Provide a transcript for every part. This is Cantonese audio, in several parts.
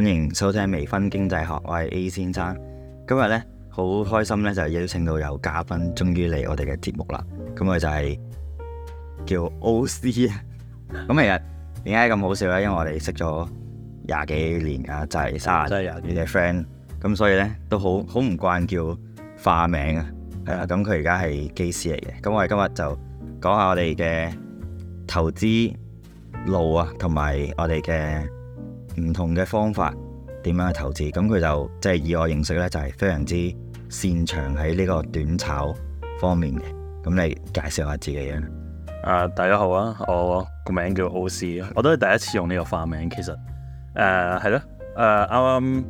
歡迎收聽微醺經濟學，我係 A 先生。今日咧好開心咧，就邀請到有嘉賓終於嚟我哋嘅節目啦。咁佢就係叫 OC 啊。咁其實點解咁好笑咧？因為我哋識咗廿幾年噶，就係三十幾年嘅 friend。咁所以咧都好好唔慣叫化名啊。係啊，咁佢而家係機師嚟嘅。咁我哋今日就講下我哋嘅投資路啊，同埋我哋嘅。唔同嘅方法點樣去投資，咁佢就即係、就是、以我認識咧，就係、是、非常之擅長喺呢個短炒方面嘅。咁你介紹下自己啊？誒，uh, 大家好啊，我個名叫 O C， 我都係第一次用呢個化名。其實誒係咯，誒啱啱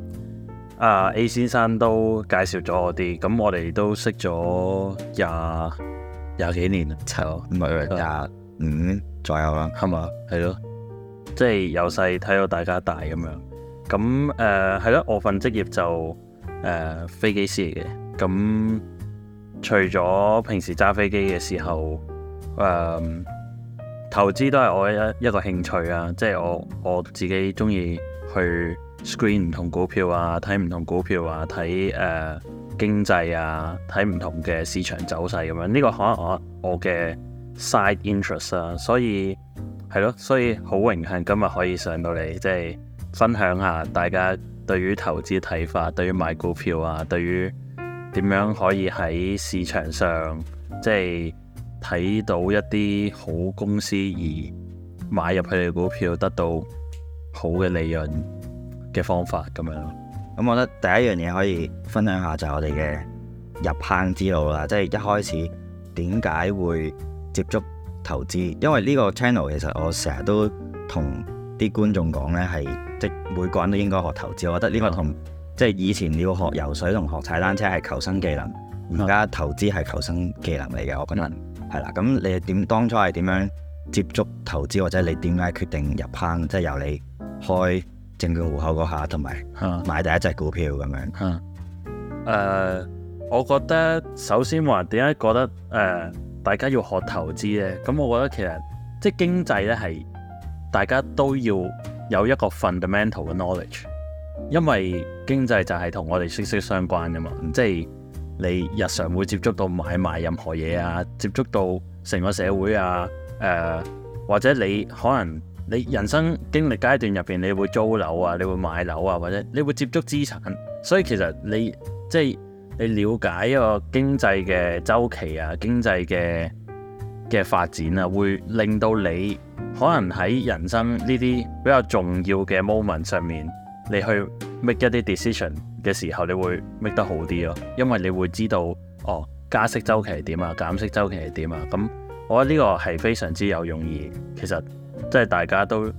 啊 A 先生都介紹咗我啲，咁我哋都識咗廿廿幾年啦，差唔多唔係廿五左右啦，係嘛、uh？ 係咯。即係由細睇到大家大咁樣，咁誒係咯，我份職業就誒、呃、飛機師嚟嘅。咁除咗平時揸飛機嘅時候，誒、呃、投資都係我一一個興趣啊。即係我我自己中意去 screen 唔同股票啊，睇唔同股票啊，睇誒、呃、經濟啊，睇唔同嘅市場走勢咁樣。呢、這個可能我我嘅 side interest 啊，所以。係咯，所以好榮幸今日可以上到嚟，即係分享下大家對於投資睇法，對於買股票啊，對於點樣可以喺市場上即係睇到一啲好公司而買入佢哋股票得到好嘅利潤嘅方法咁樣。咁我覺得第一樣嘢可以分享下就係我哋嘅入坑之路啦，即係一開始點解會接觸。投資，因為呢個 channel 其實我成日都同啲觀眾講呢係即每個人都應該學投資。我覺得呢個同、嗯、即係以前你要學游水同學踩單車係求生技能，而家投資係求生技能嚟嘅。我覺得係啦。咁、嗯、你點當初係點樣接觸投資，或者你點解決定入坑？即係由你開證券戶口嗰下，同埋買第一隻股票咁樣。誒、嗯呃，我覺得首先話點解覺得誒？呃大家要學投資咧，咁我覺得其實即係經濟咧係大家都要有一個 fundamental 嘅 knowledge，因為經濟就係同我哋息息相關噶嘛，即係你日常會接觸到買賣任何嘢啊，接觸到成個社會啊，誒、呃，或者你可能你人生經歷階段入邊你會租樓啊，你會買樓啊，或者你會接觸資產，所以其實你即係。你了解一個經濟嘅周期啊，經濟嘅嘅發展啊，會令到你可能喺人生呢啲比較重要嘅 moment 上面，你去 make 一啲 decision 嘅時候，你會 make 得好啲咯、哦。因為你會知道，哦，加息周期係點啊，減息周期係點啊。咁、嗯、我覺得呢個係非常之有用意。其實即係、就是、大家都，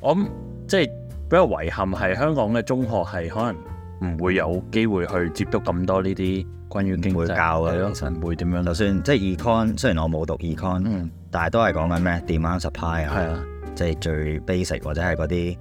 我諗，即係、就是、比較遺憾係香港嘅中學係可能。唔會有機會去接觸咁多呢啲關於經濟、財神會點樣？ 就算即係、就是、econ，雖然我冇讀 econ，、嗯、但係都係講緊咩 demand、Dem supply 啊，即係最 basic 或者係嗰啲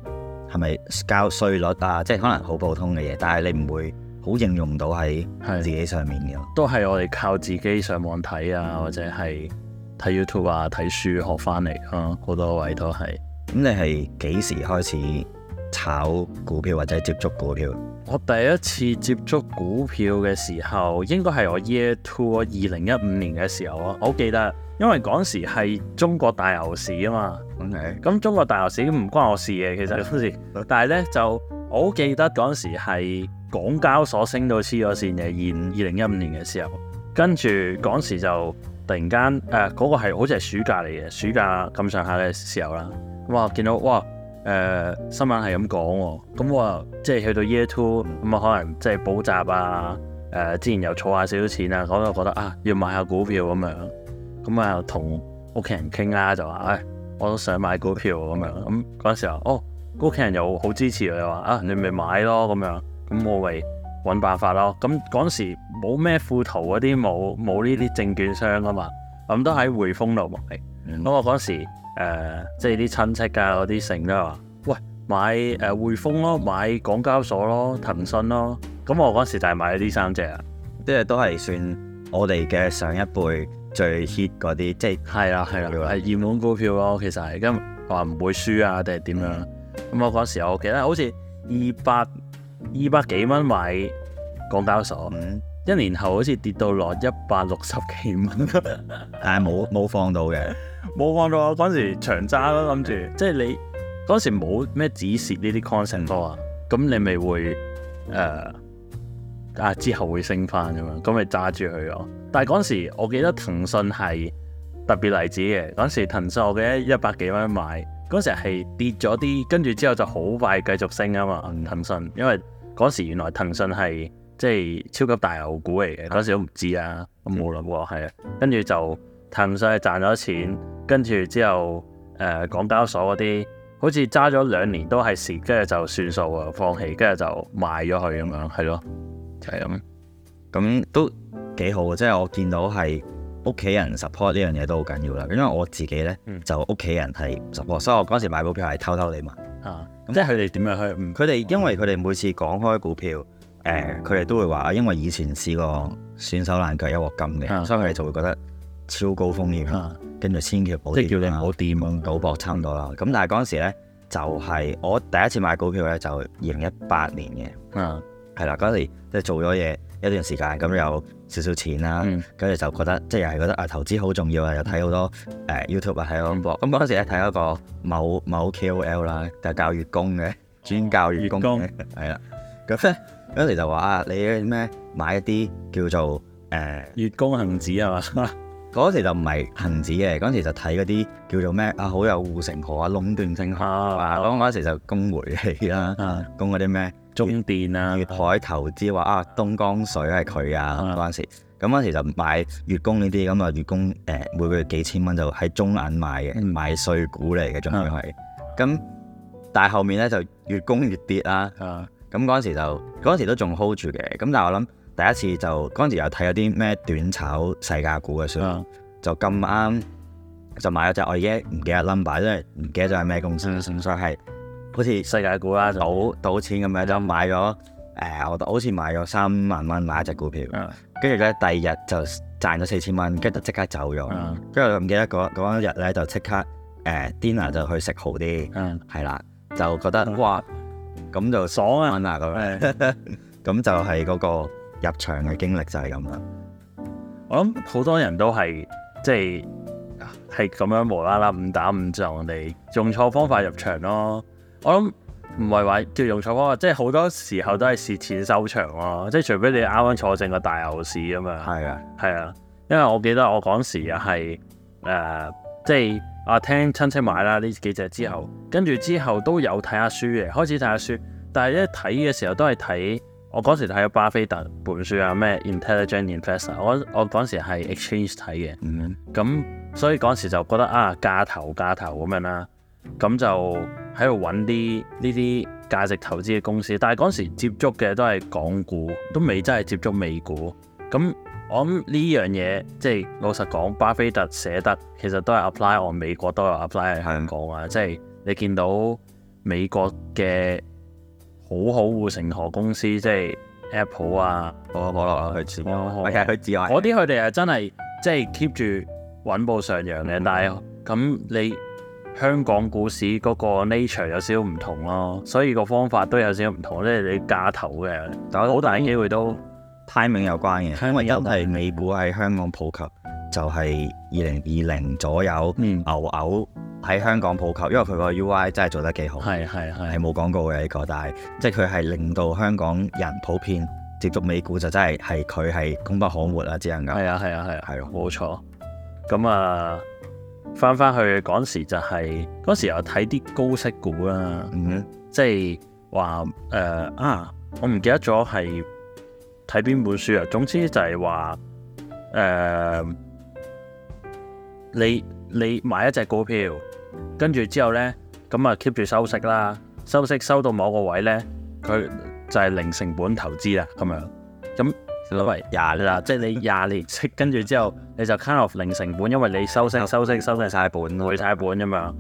係咪交稅率啊，嗯、即係可能好普通嘅嘢，但係你唔會好應用到喺自己上面嘅、啊。都係我哋靠自己上網睇啊，嗯、或者係睇 YouTube 啊、睇書學翻嚟咯，好多位都係。咁、嗯、 你係幾時開始？炒股票或者接觸股票，我第一次接觸股票嘅時候，應該係我 year two，二零一五年嘅時候啊，我好記得，因為嗰時係中國大牛市啊嘛。咁 Okay. 中國大牛市唔關我事嘅，其實嗰時，但係呢，就我好記得嗰時係港交所升到黐咗線嘅二零一五年嘅時候，跟住嗰時就突然間誒嗰個係好似係暑假嚟嘅，暑假咁上下嘅時候啦，哇見到哇！誒、呃、新聞係咁講喎，咁、嗯、我即係去到 year two，咁啊可能即係補習啊，誒、呃、之前又儲下少少錢啊，我就覺得啊要買下股票咁、啊、樣，咁、嗯、啊同屋企人傾啦，就話唉，我都想買股票咁、啊、樣，咁嗰陣時候哦，屋企人又好支持我，話啊你咪買咯咁樣，咁、嗯嗯、我咪揾辦法咯、啊，咁嗰陣時冇咩富途嗰啲冇冇呢啲證券商啊嘛，咁、嗯、都喺匯豐度買。咁、嗯、我嗰時、呃、即係啲親戚啊，嗰啲成都話：喂，買誒、呃、匯豐咯，買港交所咯，騰訊咯。咁我嗰時就係買咗呢三隻啊，即係都係算我哋嘅上一輩最 hit 嗰啲，嗯、即係係啦，係啦、啊，係熱、啊、門股票咯。其實係咁話唔會輸啊，定係點樣？咁、嗯、我嗰時我記得好似二百二百幾蚊買港交所，嗯、一年後好似跌到落一百六十幾蚊， 但係冇冇放到嘅。冇放到啊！嗰陣時長揸咯，諗住即係你嗰陣時冇咩指示呢啲 concept 啊，咁你咪會誒啊之後會升翻咁樣，咁咪揸住佢咯。但係嗰陣時我記得騰訊係特別例子嘅，嗰陣時騰訊我記得一百幾蚊買，嗰陣時係跌咗啲，跟住之後就好快繼續升啊嘛。騰訊，因為嗰陣時原來騰訊係即係超級大牛股嚟嘅，嗰陣、嗯、時都唔知啊，冇諗過啊，跟住就。騰訊係賺咗錢，跟住之後誒，港交所嗰啲好似揸咗兩年都係蝕，跟住就算數啊，放棄，跟住就賣咗佢。咁樣，係咯，係咁，咁都幾好嘅，即係我見到係屋企人 support 呢樣嘢都好緊要啦。因為我自己咧就屋企人係唔 support，所以我嗰陣時買股票係偷偷嚟買啊，即係佢哋點樣去？佢哋因為佢哋每次講開股票，誒，佢哋都會話因為以前試過損手爛腳一鑊金嘅，所以佢哋就會覺得。超高風險，跟住千祈唔好掂，啊，賭博差唔多啦。咁但係嗰陣時咧，就係我第一次買股票咧，就二零一八年嘅。係啦，嗰時即係做咗嘢一段時間，咁有少少錢啦。跟住就覺得，即係又係覺得啊，投資好重要啊！又睇好多誒 YouTube 啊，睇賭博。咁嗰陣時咧，睇一個某某 KOL 啦，就教月供嘅，專教月供嘅。係啦，咁嗰時就話啊，你咩買一啲叫做誒月供恆指係嘛？嗰時就唔係恆指嘅，嗰時就睇嗰啲叫做咩啊，好有護城河啊，壟斷性啊，嗱，咁嗰時就供煤氣啦，供嗰啲咩中電啊、粵海投資話啊，東江水係佢啊，嗰陣時，咁嗰時就買月供呢啲，咁啊月供誒每個月幾千蚊就喺中銀買嘅，買衰股嚟嘅仲要係，咁但係後面咧就越供越跌啦，咁嗰陣時就嗰陣時都仲 hold 住嘅，咁但係我諗。第一次就嗰陣時又睇咗啲咩短炒世界股嘅，書、啊、就咁啱就買咗隻我已經唔記得 number，因為唔記得咗係咩公司，所以係好似世界股啦，賭、就係、賭錢咁樣就買咗誒的、呃，我好似買咗三萬蚊買一隻股票，跟住咧第二日就賺咗四千蚊，跟住就即刻走咗，跟住唔記得嗰一日咧就即刻誒 dinner、呃、就去食豪啲，係啦、嗯，就覺得哇咁就爽啊咁樣，咁的就係嗰、嗰個。入場嘅經歷就係咁啦，我諗好多人都係即係係咁樣無啦啦誤打誤撞哋用錯方法入場咯。我諗唔係話叫用錯方法，即係好多時候都係蝕錢收場咯。即係除非你啱啱坐正個大牛市啊嘛。係啊，係啊，因為我記得我嗰時啊係誒，即係啊聽親戚買啦呢幾隻之後，跟住之後都有睇下書嘅，開始睇下書，但係一睇嘅時候都係睇。我嗰時睇咗巴菲特本書啊，咩 Intelligent Investor，我我嗰時係 Exchange 睇嘅，咁、mm hmm. 嗯、所以嗰時就覺得啊，價投價投咁樣啦，咁、嗯、就喺度揾啲呢啲價值投資嘅公司，但係嗰時接觸嘅都係港股，都未真係接觸美股。咁、嗯、我諗呢樣嘢，即係老實講，巴菲特寫得其實都係 apply 我美國都有 apply 喺、mm hmm. 香港啊，即、就、係、是、你見到美國嘅。好好護城河公司，即係 Apple 啊，好啊，可樂啊，佢似，其實去自外，嗰啲佢哋係真係即係 keep 住穩步上揚嘅。嗯、但係咁你香港股市嗰個 nature 有少少唔同咯，所以個方法都有少少唔同，即係你架頭嘅，嗯、但好大機會都 timing、嗯、有關嘅。因為，因為一係美股喺香港普及，就係二零二零左右，嗯，牛牛。喺香港普及，因為佢個 UI 真係做得幾好，係係係冇廣告嘅呢個，但係即係佢係令到香港人普遍接觸美股就真係係佢係功不可沒啦，只能夠係啊係啊係啊係啊，冇錯。咁啊，翻翻、啊啊啊啊、去嗰時就係、是、嗰時又睇啲高息股啦，即係話誒啊，我唔記得咗係睇邊本書啊，總之就係話誒，你你買一隻股票。跟住之後呢，咁啊 keep 住收息啦，收息收到某個位呢，佢就係零成本投資啦，咁樣，咁攞為廿啦，即係你廿年息，跟住之後你就 kind of 零成本，因為你收息、收息、收息晒本，回晒本咁樣。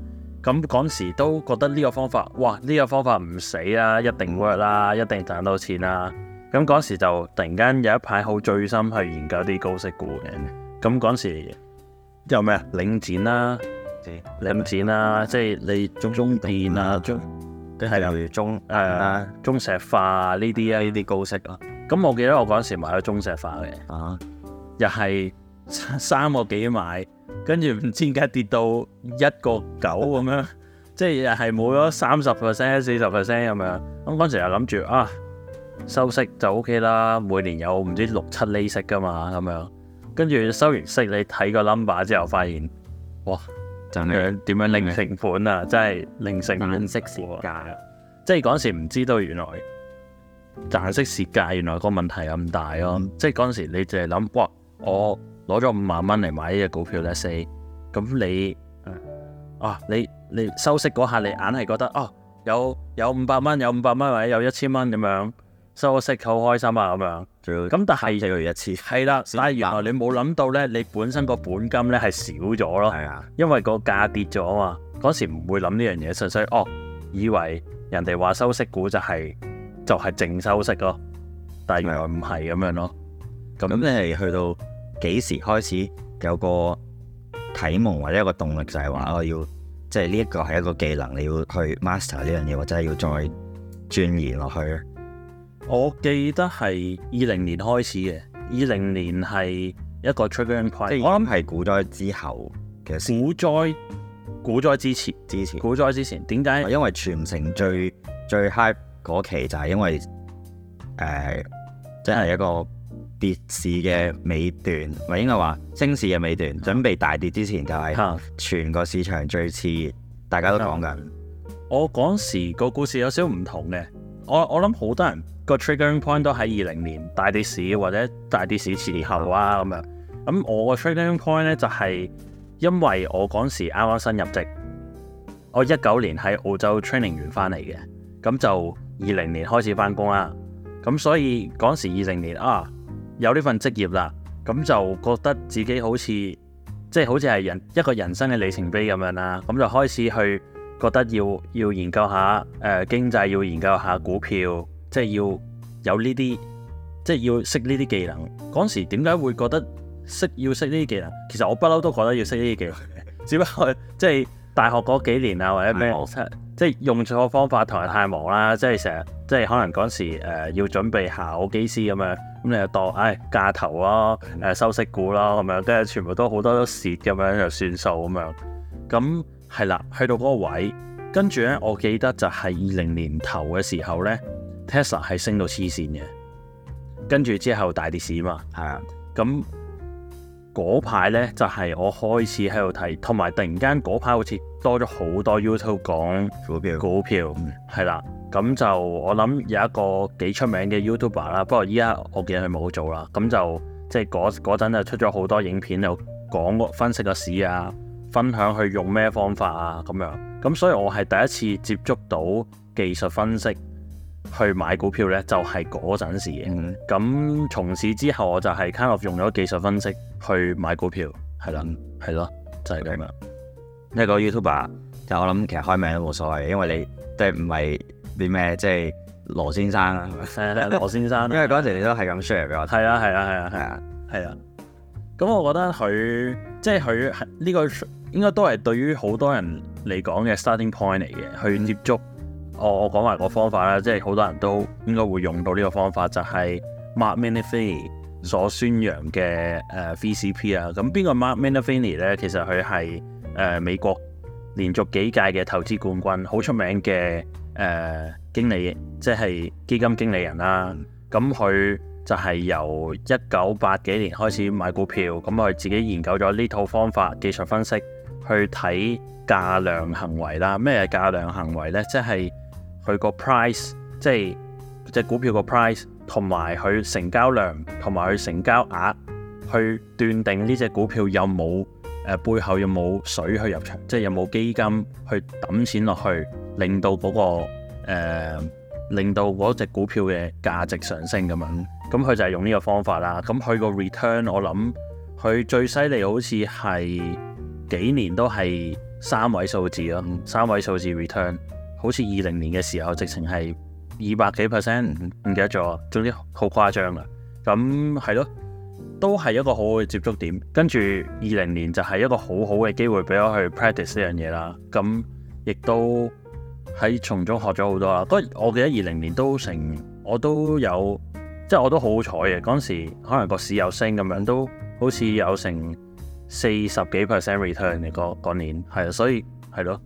咁嗰時都覺得呢個方法，哇，呢個方法唔死啊，一定 work 啦，一定賺到錢啊。咁嗰時就突然間有一排好醉心去研究啲高息股嘅，咁嗰時有咩啊？領展啦。領展啦，即係你中電啊，跟住係例如中誒，中石化啊，呢啲啊，呢啲高息咯。咁我記得我嗰時買咗中石化嘅，又係三個幾買，跟住唔知點解跌到一個九咁樣，即係又係冇咗三十 percent、四十 percent 咁樣。咁嗰時又諗住啊，收息就 OK 啦，每年有唔知六七厘息噶嘛咁樣，跟住收完息，你睇個 number 之後發現，哇！點樣、啊、 零成本啊， 即係零成本息蝕價啊！即係嗰時唔知道原來賺息蝕價，原來個問題咁大咯、啊！嗯、即係嗰時你就係諗，哇！我攞咗五萬蚊嚟買呢隻股票 let's say，咁你啊，你你收息嗰下，你硬係覺得啊，有有五百蚊，有五百蚊，或者有一千蚊咁樣。收息好開心啊，咁樣，咁還要 但係就個月一次，係啦，但係原來你冇諗到咧，你本身個本金咧係少咗咯，係啊的，因為個價跌咗啊嘛，嗰時唔會諗呢樣嘢，純粹哦以為人哋話收息股就係、是、就係、是、淨收息咯，但係原來唔係咁樣咯，咁的你係去到幾時開始有個體悟或者一個動力，就係話我要即係呢一個係一個技能，你要去 master 呢樣嘢，或者要再鑽研落去？我記得係二零年開始嘅，二零年係一個 trigger point。我諗係股災之後，其實股災股災之前之前股災之前點解？因為全城最最 high 嗰期就係因為誒，即、呃、係一個跌市嘅尾段，咪係 Yeah. 應該話升市嘅尾段，準備大跌之前就係全個市場最似大家都講緊。Yeah. 我嗰時個故事有少少唔同嘅，我我諗好多人。個 triggering point 都喺二零年大跌市或者大跌市前後啊，咁樣，咁我個 triggering point 咧就係因為我嗰時啱啱新入職，我一九年喺澳洲 training 完翻嚟嘅，咁就二零年開始翻工啦。咁所以嗰時二零年啊，有呢份職業啦，咁就覺得自己好似即係好似係人一個人生嘅里程碑咁樣啦。咁就開始去覺得要要研究下誒、呃、經濟，要研究下股票。即係要有呢啲，即係要識呢啲技能。嗰陣時點解會覺得識要識呢啲技能？其實我不嬲都覺得要識呢啲技能，只不過即係大學嗰幾年啊，或者咩，即係用錯方法同埋太忙啦。即係成日即係可能嗰陣時、呃、要準備考機師咁樣，咁你又當唉、哎，架頭咯，誒、呃、收息股咯咁樣，跟住全部都好多都蝕咁樣就算數咁樣。咁係啦，去到嗰個位，跟住咧，我記得就係二零年頭嘅時候咧。Tesla 係升到黐線嘅，跟住之後大跌市嘛，係啊的，咁嗰排呢，就係、是、我開始喺度睇，同埋突然間嗰排好似多咗好多 YouTube 講股票，股票係啦，咁、嗯、就我諗有一個幾出名嘅 YouTuber 啦，不過依家我見佢冇做啦，咁就即係嗰陣就是、出咗好多影片，又講分析個市啊，分享佢用咩方法啊咁樣，咁所以我係第一次接觸到技術分析。去買股票咧，就係嗰陣時嘅。咁從此之後，我就係 kind of 用咗技術分析去買股票，係啦、嗯，係咯的，就係咁啦。一、嗯、個 YouTuber，就我諗其實開名都冇所謂，因為你即係唔係啲咩，即係羅先生啊，係羅先生。先生 因為嗰陣時你都係咁 share 俾我。係啊係啊係啊係啊係啊。咁的我覺得佢即係佢呢個應該都係對於好多人嚟講嘅 starting point 嚟嘅，嗯、去接觸。哦、我我講埋個方法啦，即係好多人都應該會用到呢個方法，就係、是、Mark Minervini 所宣揚嘅誒、呃、VCP 啊。咁邊個 Mark Minervini 咧？其實佢係誒美國連續幾屆嘅投資冠軍，好出名嘅誒、呃、經理，即係基金經理人啦。咁、啊、佢、嗯嗯、就係由一九八幾年開始買股票，咁佢自己研究咗呢套方法，技術分析去睇價量行為啦。咩係價量行為咧？即係佢個 price，即係隻股票個 price，同埋佢成交量，同埋佢成交額，去斷定呢隻股票有冇誒、呃、背後有冇水去入場，即係有冇基金去揼錢落去，令到嗰、嗰個、呃、令到嗰隻股票嘅價值上升咁樣。咁佢就係用呢個方法啦。咁佢個 return 我諗佢最犀利好似係幾年都係三位數字咯，三位數字 return。好似二零年嘅時候，直情係二百幾 percent，唔記得咗。總之好誇張啦。咁係咯，都係一個好好嘅接觸點。跟住二零年就係一個好好嘅機會俾我去 practice 呢樣嘢啦。咁亦都喺從中學咗好多啦。不過我記得二零年都成，我都有即係我都好好彩嘅。嗰陣時可能個市有升咁樣，都好似有成四十幾 percent return 嘅嗰年係啊。所以係咯。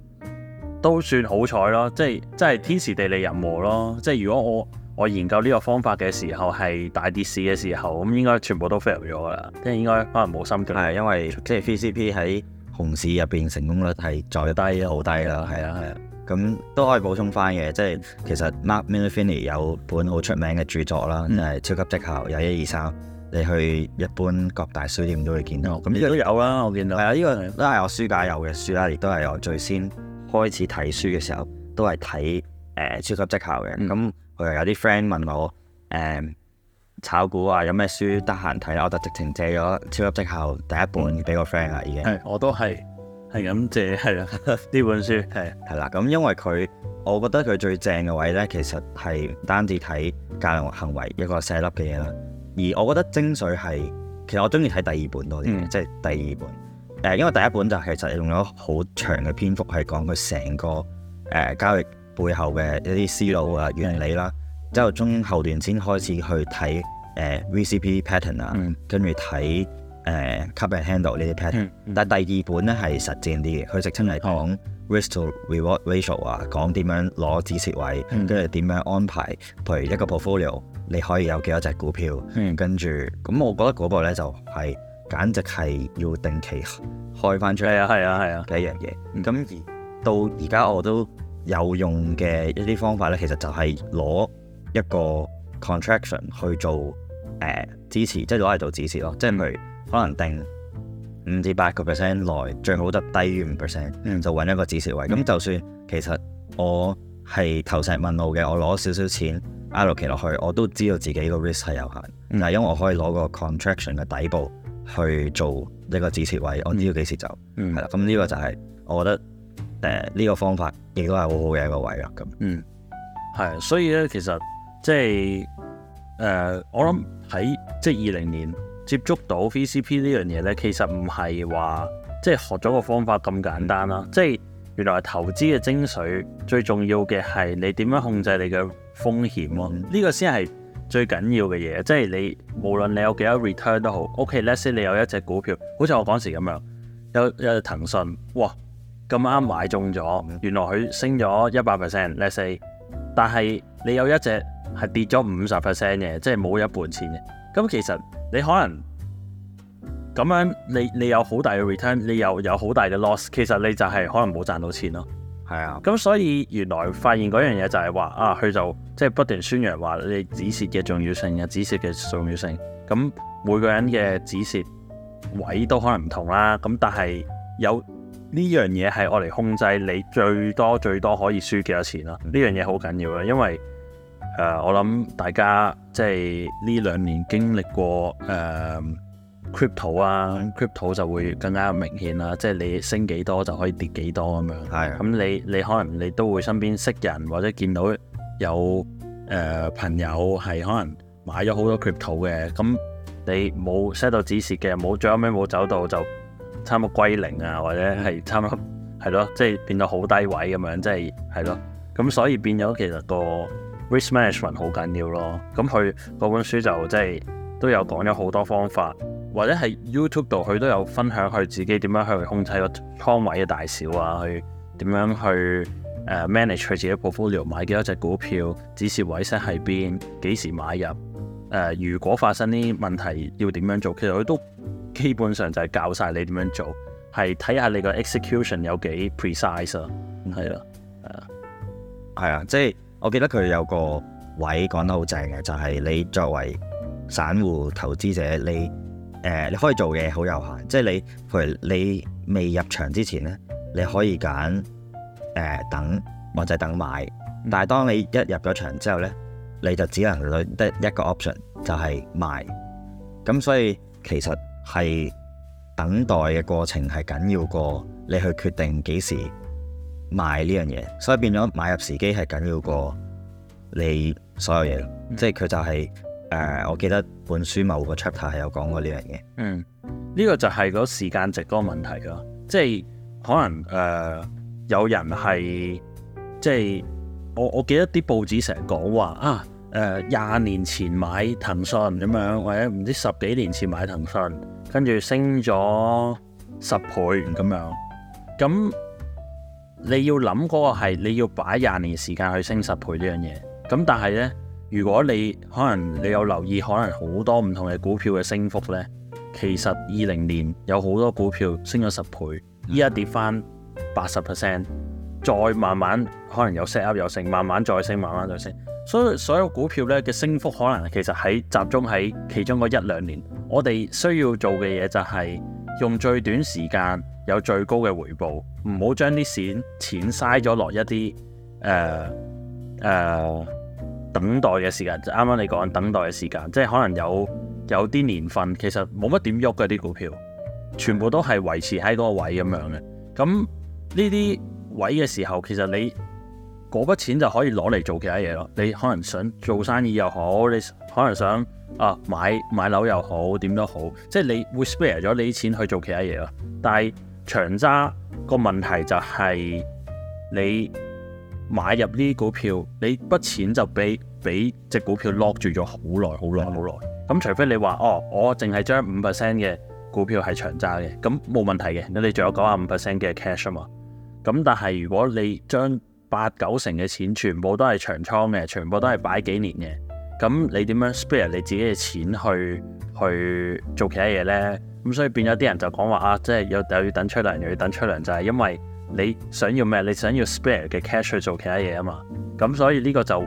都算好彩咯，即係即係天時地利人和咯。即係如果我我研究呢個方法嘅時候係大跌市嘅時候，咁應該全部都 fail 咗噶啦，即係應該可能冇心機。係因為即係 VCP 喺熊市入邊成功率係再低好低啦，係啊係啊。咁都可以補充翻嘅，即係其實 Mark Minervini 有本好出名嘅著作啦，即係《超級績效》有一二三，你去一般各大書店都會見到。咁呢個都有啦，我見到。係啊，呢個都係我書架有嘅書啦，亦都係我最先，開始睇書嘅時候，都係睇誒《超級績效》嘅、嗯。咁佢又有啲 friend 問我，誒、嗯、炒股啊，有咩書得閒睇？我就直情借咗《超級績效》第一本俾個 friend 啦。嗯、已經係，我都係係咁借，係啦呢本書係係啦。咁因為佢，我覺得佢最正嘅位咧，其實係單止睇教育行為一個細粒嘅嘢啦。而我覺得精髓係，其實我中意睇第二本多啲嘅，即係、嗯、第二本。誒，因為第一本就其實用咗好長嘅篇幅係講佢成個誒、呃、交易背後嘅一啲思路啊、原理啦，Yeah. 之後中後段先開始去睇誒、呃、VCP pattern，啊，跟住睇誒 cup and handle 呢啲 pattern。Mm. 但係第二本咧係實戰啲嘅，佢直情係講 risk to reward ratio 啊，講點樣攞止蝕位，跟住點樣安排。譬如一個 portfolio，你可以有幾多隻股票，跟住咁，我覺得嗰部咧就係、是。簡直係要定期開翻出嚟係啊，係啊，係啊嘅一樣嘢。咁而到而家我都有用嘅一啲方法咧，其實就係攞一個 contraction 去做誒、呃、支持，即係攞嚟做止蝕咯。即係譬如、嗯、可能定五至八個 percent 內，最好得低於五 percent，就揾一個止蝕位。咁、嗯、就算其實我係投石問路嘅，我攞少少錢挨落期落去，我都知道自己個 risk 係有限，嗯、但係因為我可以攞個 contraction 嘅底部。去做一個止蝕位，按呢個幾時走，係啦、嗯。咁呢個就係、是、我覺得誒呢、呃呢個方法亦都係好好嘅一個位啦。咁，係、嗯，所以咧，其實即係誒，我諗喺即係二零年接觸到 VCP 呢樣嘢咧，其實唔係話即係學咗個方法咁簡單啦。嗯、即係原來投資嘅精髓，最重要嘅係你點樣控制你嘅風險咯。呢、嗯、個先係。最緊要嘅嘢，即係你無論你有幾多 return 都好，OK。Let’s say 你有一隻股票，好似我嗰時咁樣，有有隻騰訊，哇咁啱買中咗，原來佢升咗一百 percent。Let’s say，但係你有一隻係跌咗五十 percent 嘅，即係冇一半錢嘅。咁其實你可能咁樣你，你有 return，你有好大嘅 return，你又有好大嘅 loss，其實你就係可能冇賺到錢咯。係啊，咁所以原來發現嗰樣嘢就係話啊，佢就即係不斷宣揚話你止蝕嘅重要性啊，止蝕嘅重要性。咁每個人嘅止蝕位都可能唔同啦，咁但係有呢樣嘢係我嚟控制你最多最多可以輸幾多錢咯、啊。呢樣嘢好緊要啊，因為誒、呃、我諗大家即係呢兩年經歷過誒。呃 Crypto 啊，Crypto 就會更加明顯啦。即係你升幾多就可以跌幾多咁樣。係咁的，你你可能你都會身邊識人或者見到有誒、呃、朋友係可能買咗好多 Crypto 嘅。咁你冇 set 到指示嘅，冇最後尾冇走到就差唔多歸零啊，或者係差唔多係咯，即係、就是、變到好低位咁樣，即係係咯。咁所以變咗其實個 risk management 好緊要咯。咁佢嗰本書就即係、就是、都有講咗好多方法。或者係 YouTube 度，佢都有分享佢自己點樣去控制個倉位嘅大小啊，去點樣去誒 manage 佢自己 portfolio 買幾多隻股票，止蝕位 set 喺邊，幾時買入誒、呃、如果發生啲問題要點樣做？其實佢都基本上就係教晒你點樣做，係睇下你個 execution 有幾 precise、uh，啊。係咯，係啊，係啊，即係我記得佢有個位講得好正嘅，就係、是、你作為散戶投資者，你誒、呃、你可以做嘢好有限，即係你，譬如你未入場之前咧，你可以揀誒、呃、等或者等買，但係當你一入咗場之後咧，你就只能得一個 option 就係賣。咁所以其實係等待嘅過程係緊要過你去決定幾時賣呢樣嘢，所以變咗買入時機係緊要過你所有嘢，嗯、即係佢就係、是。誒、嗯，這個呃，我記得本書某個 chapter 係有講過呢樣嘢。嗯，呢個就係嗰時間值嗰個問題咯。即係可能誒，有人係即係我我記得啲報紙成日講話啊，誒、呃、廿年前買騰訊咁樣，或者唔知十幾年前買騰訊，跟住升咗十倍咁樣。咁你要諗嗰個係你要擺廿年時間去升十倍樣呢樣嘢。咁但係咧。如果你可能你有留意，可能好多唔同嘅股票嘅升幅呢。其實二零年有好多股票升咗十倍，依家跌翻八十 percent，再慢慢可能有 set up 又升，慢慢再升，慢慢再升。So, 所以所有股票呢嘅升幅可能其實喺集中喺其中嗰一兩年。我哋需要做嘅嘢就係、係、用最短時間有最高嘅回報，唔好將啲錢錢嘥咗落一啲誒誒。呃呃等待嘅時間，就啱、是、啱你講等待嘅時間，即係可能有有啲年份其實冇乜點喐嘅啲股票，全部都係維持喺嗰個位咁樣嘅。咁呢啲位嘅時候，其實你嗰筆錢就可以攞嚟做其他嘢咯。你可能想做生意又好，你可能想啊買買樓又好，點都好，即係你會 spare 咗你啲錢去做其他嘢咯。但係長揸個問題就係、是、你。買入呢啲股票，你筆錢就俾俾隻股票 lock 住咗好耐，好耐，好耐。咁除非你話哦，我淨係將五 percent 嘅股票係長揸嘅，咁冇問題嘅。你仲有九啊五 percent 嘅 cash 啊嘛。咁但係如果你將八九成嘅錢全部都係長倉嘅，全部都係擺幾年嘅，咁你點樣 spare 你自己嘅錢去去做其他嘢呢？咁所以變咗啲人就講話啊，即係又又要等出糧，又要等出糧，就係因為。你想要咩？你想要 spare 嘅 cash 去做其他嘢啊嘛？咁所以呢個就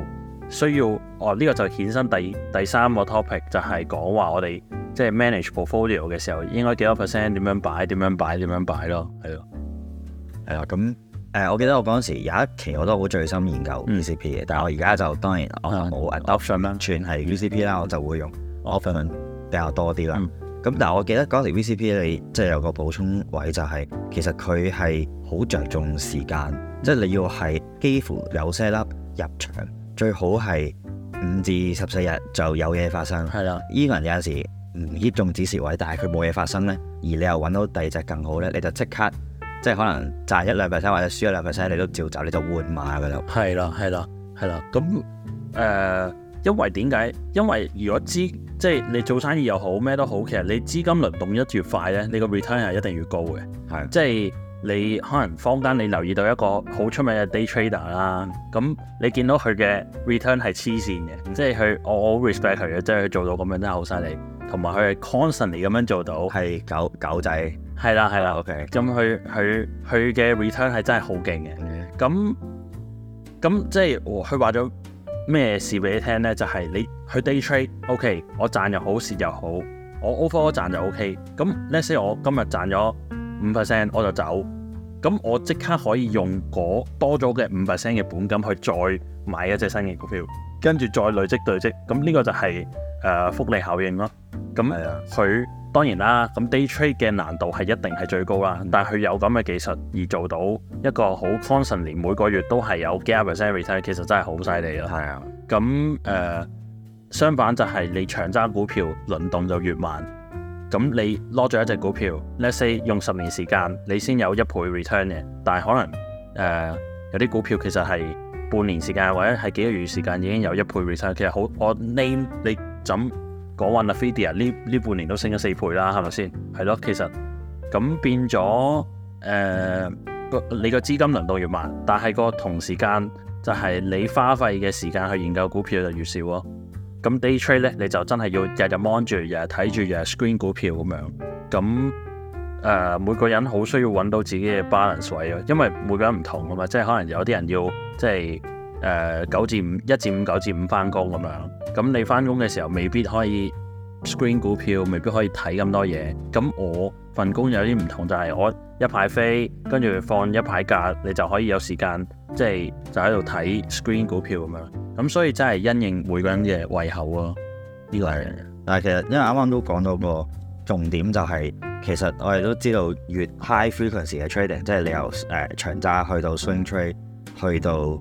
需要哦，呢、這個就衍生第第三個 topic 就係講話我哋即係、就是、manage portfolio 嘅時候，應該幾多 percent 點樣擺？點樣擺？點樣擺咯？係咯？係啊，咁誒、呃，我記得我嗰陣時有一期我都好醉心研究 UCP 嘅、嗯，但係我而家就當然我冇 adoption 啦、嗯，全係 UCP 啦、嗯，我就會用、嗯、often 比較多啲啦。嗯咁但係我記得嗰條 VCP 你即係有個補充位就係、是、其實佢係好着重時間，即係你要係幾乎有些粒入場，最好係五至十四日就有嘢發生。係啦 e v 人有陣時唔 hit 中止蝕位，但係佢冇嘢發生呢。而你又揾到第二隻更好呢，你就刻即刻即係可能賺一兩百 e 或者輸一兩百 e 你都照走，你就換馬嘅就係啦，係啦，係啦咁誒。因為點解？因為如果資即係你做生意又好咩都好，其實你資金輪動一越快咧，你個 return 係一定越高嘅。係是的 即係你可能坊間你留意到一個好出名嘅 day trader 啦，咁你見到佢嘅 return 係黐線嘅，即係佢我，我好 respect 佢嘅，即係佢做到咁樣真係好犀利，同埋佢係 constantly 咁樣做到係狗狗仔。係啦係啦，OK。咁佢佢佢嘅 return 係真係好勁嘅。咁咁 Okay. 即係佢話咗。哦咩事俾你聽咧？就係、是、你去 day trade，OK，、okay, 我賺又好，蝕又好，我 over gain 就 OK。咁 let's say 我今日賺咗五 percent，我就走。咁我即刻可以用嗰多咗嘅五 percent 嘅本金去再買一隻新嘅股票，跟住再累積累積。咁呢個就係、是、誒、呃、福利效應咯。咁佢。呃當然啦，咁 day trade 嘅難度係一定係最高啦，但係佢有咁嘅技術而做到一個好 consistent，每個月都係有幾十 percent return，其實真係好犀利咯。係啊，咁誒、啊嗯呃、相反就係你長揸股票，輪動就越慢。咁、嗯、你攞咗一隻股票 ，let's say 用十年時間，你先有一倍 return 嘅，但係可能誒、呃、有啲股票其實係半年時間或者係幾個月時間已經有一倍 return，其實好我 name 你怎？講話 Nvidia 啊，呢呢半年都升咗四倍啦，係咪先？係咯，其實咁變咗誒、呃，你個資金輪動越慢，但係個同時間就係、是、你花費嘅時間去研究股票就越少咯。咁 day trade 咧，你就真係要日日 mon 住，日日睇住，日日 screen 股票咁樣。咁誒、呃，每個人好需要揾到自己嘅 balance 位啊，因為每個人唔同啊嘛，即係可能有啲人要即係。誒九至五一至五九至五翻工咁樣，咁你翻工嘅時候未必可以 screen 股票，未必可以睇咁多嘢。咁我份工有啲唔同，就係、是、我一排飛，跟住放一排假，你就可以有時間，即係就喺度睇 screen 股票咁樣。咁所以真係因應每個人嘅胃口咯、啊，依、呢個係。嗯、但係其實因為啱啱都講到個重點、就係，就係其實我哋都知道，越 high frequency 嘅 trading，即係你由誒、uh, 長揸去到 swing trade 去到。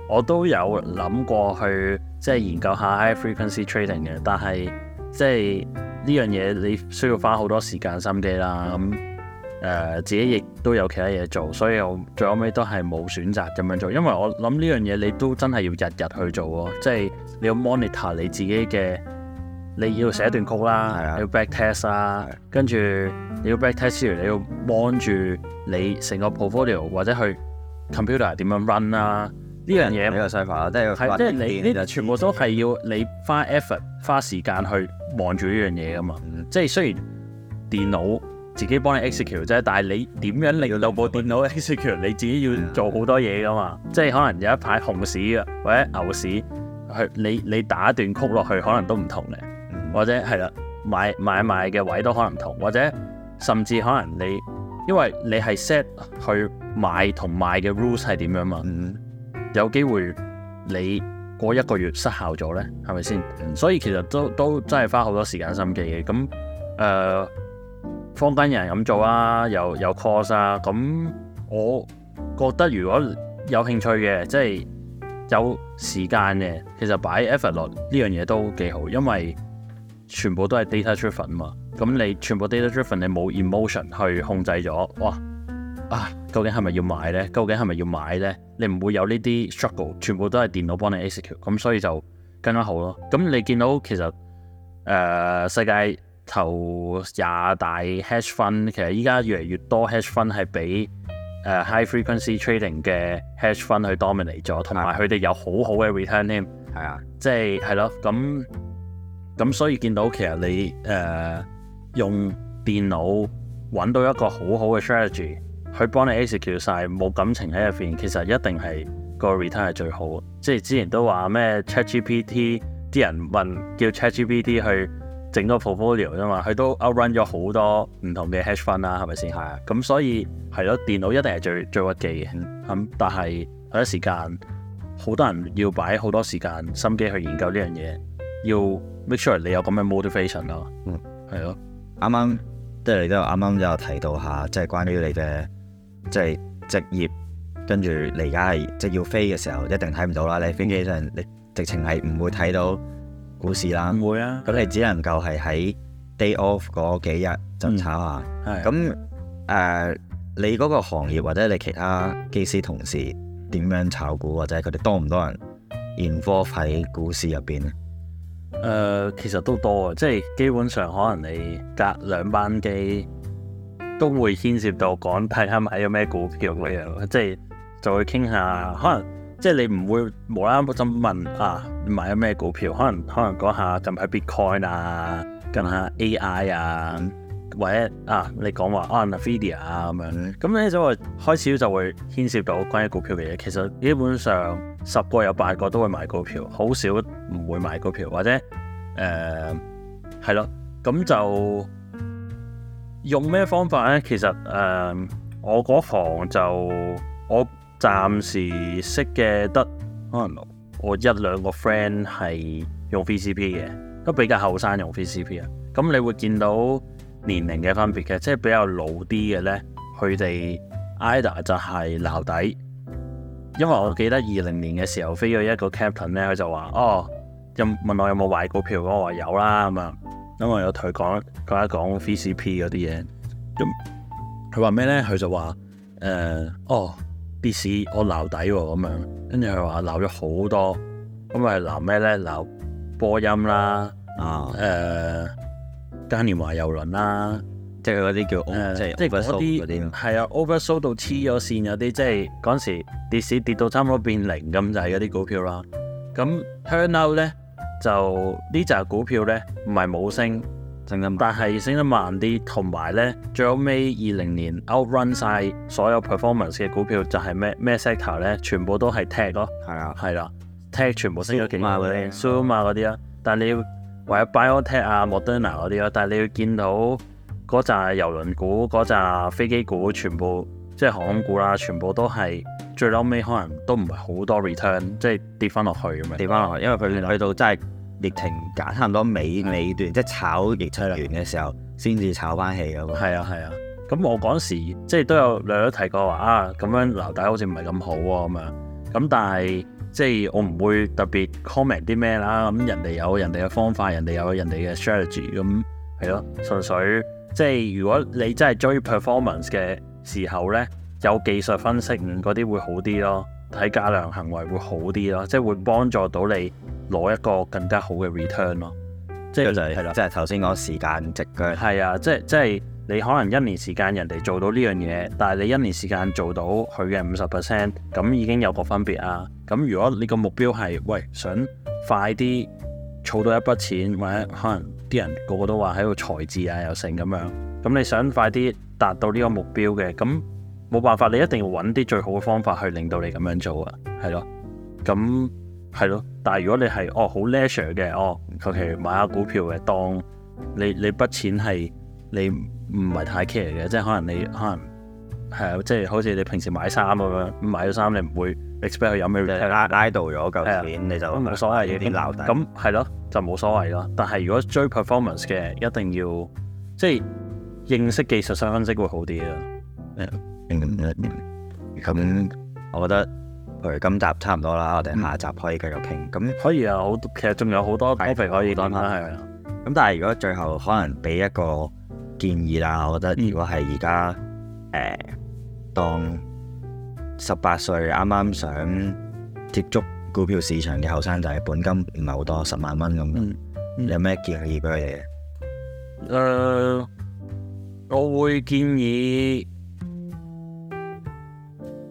我都有諗過去即係研究下 high frequency trading 嘅，但係即係呢樣嘢你需要花好多時間心機啦。咁誒、呃、自己亦都有其他嘢做，所以我最後尾都係冇選擇咁樣做，因為我諗呢樣嘢你都真係要日日去做咯，即係你要 monitor 你自己嘅，你要寫段曲啦，的你要 back test 啦，的跟住你要 back test 完你要幫住你成個 portfolio 或者去 computer 點樣 run 啦、啊。呢樣嘢比較細牌，即係係即係你呢，這這全部都係要你花 effort、花時間去望住呢樣嘢噶嘛。嗯、即係雖然電腦自己幫你 execute 啫、嗯，但係你點樣令到部電腦 execute、嗯、你自己要做好多嘢噶嘛。嗯、即係可能有一排熊市啊，或者牛市，去你你打一段曲落去，可能都唔同嘅，嗯、或者係啦，買買賣嘅位都可能唔同，或者甚至可能你因為你係 set 去買同賣嘅 rules 係點樣嘛。有機會你過一個月失效咗呢，係咪先？所以其實都都真係花好多時間心機嘅。咁誒、呃，坊間有人咁做啊，有有 course 啊。咁我覺得如果有興趣嘅，即、就、係、是、有時間嘅，其實擺 effort 落呢樣嘢都幾好，因為全部都係 data t r i v e n 嘛。咁你全部 data t r i v e n 你冇 emotion 去控制咗，哇！啊，究竟係咪要買呢？究竟係咪要買呢？你唔會有呢啲 struggle，全部都係電腦幫你 execute 咁，所以就更加好咯。咁你見到其實誒、呃、世界頭廿大 hedge fund，其實依家越嚟越多 hedge fund 係俾、呃、high frequency trading 嘅 hedge fund 去 dominate 咗，同埋佢哋有好好嘅 return。係啊，即係係咯咁咁，所以見到其實你誒、呃、用電腦揾到一個好好嘅 strategy。佢幫你 execute 晒，冇感情喺入邊，其實一定係個 return 係最好。即係之前都話咩 ChatGPT 啲人問叫 ChatGPT 去整個 portfolio 啫嘛，佢都 outrun 咗好多唔同嘅 hedge fund 啦，係咪先？係啊，咁所以係咯，電腦一定係最最屈機嘅。咁但係有一時間，好多人要擺好多時間心機去研究呢樣嘢，要 make sure 你有咁嘅 motivation 咯。嗯，係咯的。啱啱即係你都啱啱有提到下，即係關於你嘅。即係職業，跟住你而家係即係要飛嘅時候，一定睇唔到啦。你飛機上你直情係唔會睇到股市啦。唔會啊！咁你只能夠係喺 day off 嗰幾日就炒下。咁誒、嗯呃，你嗰個行業或者你其他機師同事點樣炒股，或者佢哋多唔多人 involve 喺股市入邊咧？誒、呃，其實都多啊，即係基本上可能你隔兩班機。都會牽涉到講睇下買咗咩股票嘅嘢咯，即係就會傾下，可能即係你唔會無啦啦咁問啊，買咗咩股票，可能可能講下近排 Bitcoin 啊，近下 AI 啊，或者啊你講話安 Nvidia 咁樣，咁呢就就會開始就會牽涉到關於股票嘅嘢。其實基本上十個有八個都會買股票，好少唔會買股票或者誒係咯，咁、呃、就。用咩方法呢？其實誒、呃，我嗰房就我暫時識嘅得可能我一兩個 friend 係用 VCP 嘅，都比較後生用 VCP 啊。咁、嗯、你會見到年齡嘅分別嘅，即係比較老啲嘅呢。佢哋 IDA 就係鬧底，因為我記得二零年嘅時候飛咗一個 captain 呢，佢就話哦，有問我有冇買股票，我話有啦咁樣。嗯因為有同佢講，佢一講 VCP 嗰啲嘢，咁佢話咩咧？佢就話誒，哦，跌市我撈底喎，咁樣，跟住佢話撈咗好多，咁係撈咩咧？撈波音啦，誒嘉年華郵輪啦，即係嗰啲叫即係嗰啲係啊，oversold 到黐咗線嗰啲，即係嗰時跌市跌到差唔多變零咁就係嗰啲股票啦。咁香嬲咧？就呢扎股票呢，唔係冇升，但係升得慢啲，同埋呢，最後尾二零年 outrun 晒所有 performance 嘅股票，就係、是、咩咩 sector 咧，全部都係 tech 咯，係啊，係啦 tech 全部升咗幾萬嗰 Zoom 啊嗰啲啊，但係你要或者 biotech 啊、Moderna 嗰啲啊，但係你會見到嗰扎郵輪股、嗰扎飛機股全部。即係航空股啦，全部都係最撈尾，可能都唔係好多 return，即係跌翻落去咁樣，跌翻落去，因為佢去到真係疫情減差唔多尾尾的段，即係炒熱出嚟完嘅時候，先至炒翻起咁。係啊，係啊，咁我嗰時即係都有略略提過話啊，咁樣留底好似唔係咁好喎咁樣。咁但係即係我唔會特別 comment 啲咩啦。咁人哋有人哋嘅方法，人哋有人哋嘅 strategy，咁係咯，純粹即係如果你真係中意 performance 嘅。時候呢，有技術分析嗰啲會好啲咯，睇價量行為會好啲咯，即係會幫助到你攞一個更加好嘅 return 咯。即係就係頭先講時間值貴。係啊，即係即係你可能一年時間人哋做到呢樣嘢，但係你一年時間做到佢嘅五十 percent，咁已經有個分別啊。咁如果你個目標係喂想快啲儲到一筆錢，或者可能啲人個個都話喺度財智啊又成咁樣，咁你想快啲達到呢個目標嘅，咁冇辦法，你一定要揾啲最好嘅方法去令到你咁樣做啊，係咯，咁係咯。但係如果你係哦好 leisure 嘅哦，求其、哦、買下股票嘅，當你你筆錢係你唔係太 care 嘅，即係可能你可能係啊，即係好似你平時買衫咁樣，買咗衫你唔會 expect 佢有咩嘢，拉到咗夠錢的你就冇所謂嘅，咁咁係咯，就冇所謂咯。但係如果追 performance 嘅，一定要即係。認識技術上分析會好啲啊、那個。咁、 嗯、我覺得譬如今集差唔多啦，我哋下集可以繼續傾。咁可以啊，好，其實仲有好多 topic 可以講啦，係、嗯、啊。咁、嗯、 但係如果最後可能俾一個建議啦，我覺得如果係而家誒當十八歲啱啱想接觸股票市場嘅後生仔，本金唔係好多，十萬蚊咁樣，嗯、有咩建議俾佢哋？誒、呃。我會建議，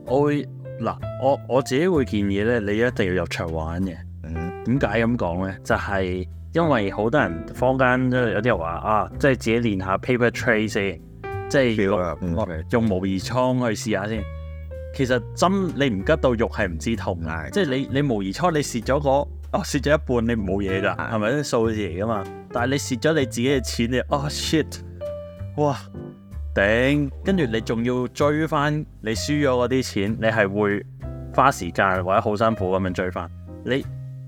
我會嗱，我我自己會建議咧，你一定要入場玩嘅。嗯、mm。點解咁講咧？就係、是、因為好多人坊間都有啲人話啊，即係自己練下 paper trade 先，即係 Build up、嗯、用模擬倉去試下先。其實針你唔吉到肉係唔知痛、mm hmm. 即係你你模擬倉你蝕咗、那個，哦蝕咗一半你冇嘢噶，係咪啲數字嚟噶嘛？但係你蝕咗你自己嘅錢，你 o、哦、shit！哇，頂！跟住你仲要追翻你輸咗嗰啲錢，你係會花時間或者好辛苦咁樣追翻。你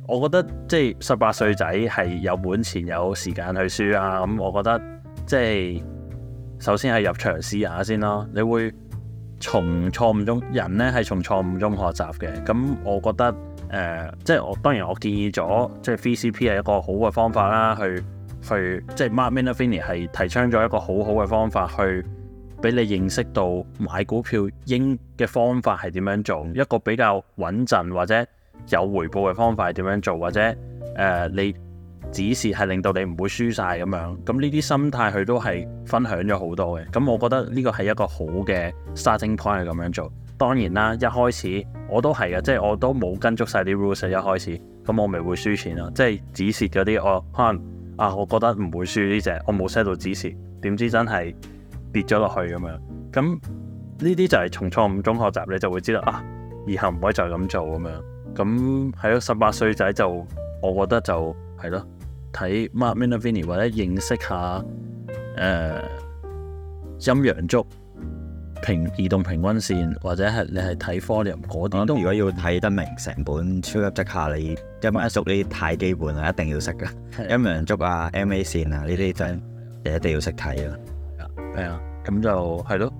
我覺得即係十八歲仔係有本錢、有時間去輸啊。咁我覺得即係首先係入場試下先咯。你會從錯誤中，人呢係從錯誤中學習嘅。咁我覺得誒、呃，即係我當然我建議咗，即係 VCP 係一個好嘅方法啦，去。去即係 Mark Minervini 係提倡咗一個好好嘅方法，去俾你認識到買股票應嘅方法係點樣做，一個比較穩陣或者有回報嘅方法係點樣做，或者誒、呃，你止蝕係令到你唔會輸晒咁樣，咁呢啲心態佢都係分享咗好多嘅。咁我覺得呢個係一個好嘅 starting point 係咁樣做。當然啦，一開始我都係啊，即係我都冇跟足晒啲 rules 一開始咁我咪會輸錢咯，即係止蝕嗰啲我可能。啊！我覺得唔會輸呢隻，我冇 set 到指示，點知真係跌咗落去咁樣。咁呢啲就係從錯誤中學習，你就會知道啊，以後唔可以再咁做咁樣。咁係咯，十八歲仔就我覺得就係咯，睇 Mark Minervini 或者認識下誒、呃、陰陽燭。平移動平均線，或者係你係睇 folio 嗰啲。我覺得如果要睇得明成、嗯、本，超級績效你陰陽燭呢啲太基本啦，一定要識噶。的陰陽燭啊、MA 線啊呢啲就亦、是、你一定要識睇咯。係啊，咁就係咯。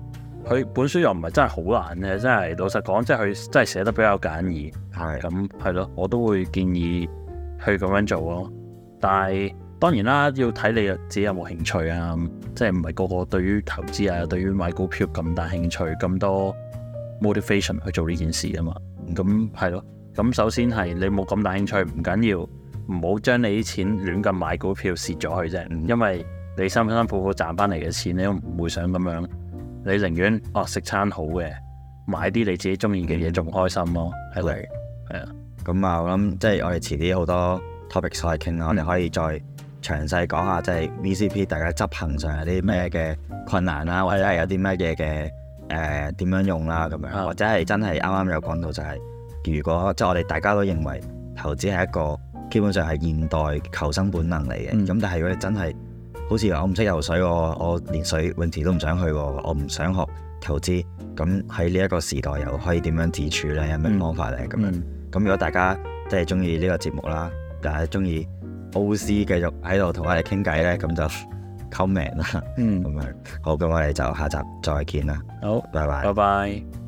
佢本書又唔係真係好難嘅，真係老實講，即係佢真係寫得比較簡易。係的。咁係咯，我都會建議去咁樣做咯。但係當然啦，要睇你自己有冇興趣啊。即係唔係個個對於投資啊，對於買股票咁大興趣，咁多 motivation 去做呢件事啊嘛？咁係咯。咁首先係你冇咁大興趣，唔緊要，唔好將你啲錢亂咁買股票蝕咗佢啫。因為你辛辛苦苦賺翻嚟嘅錢，你都唔會想咁樣。你寧願啊食餐好嘅，買啲你自己中意嘅嘢仲開心咯。係咪？係啊。咁啊，我諗即係我哋遲啲好多 topics 可以傾啊，嗯、我哋可以再。詳細講下即係、就是、VCP 大家執行上有啲咩嘅困難啊，或者係有啲咩嘢嘅誒點樣用啦咁樣，或者係真係啱啱有講到就係、是，如果即係、就是、我哋大家都認為投資係一個基本上係現代求生本能嚟嘅，咁、嗯、但係如果你真係好似我唔識游水我連水泳池都唔想去喎，我唔想學投資，咁喺呢一個時代又可以點樣自處咧？有咩方法咧？咁、嗯、樣咁、嗯、如果大家都係中意呢個節目啦，又係中意。OC 繼續喺度同我哋傾偈咧，咁、嗯、就 comment 啦。嗯，咁樣 好，咁我哋就下集再見啦。好，拜拜。拜拜。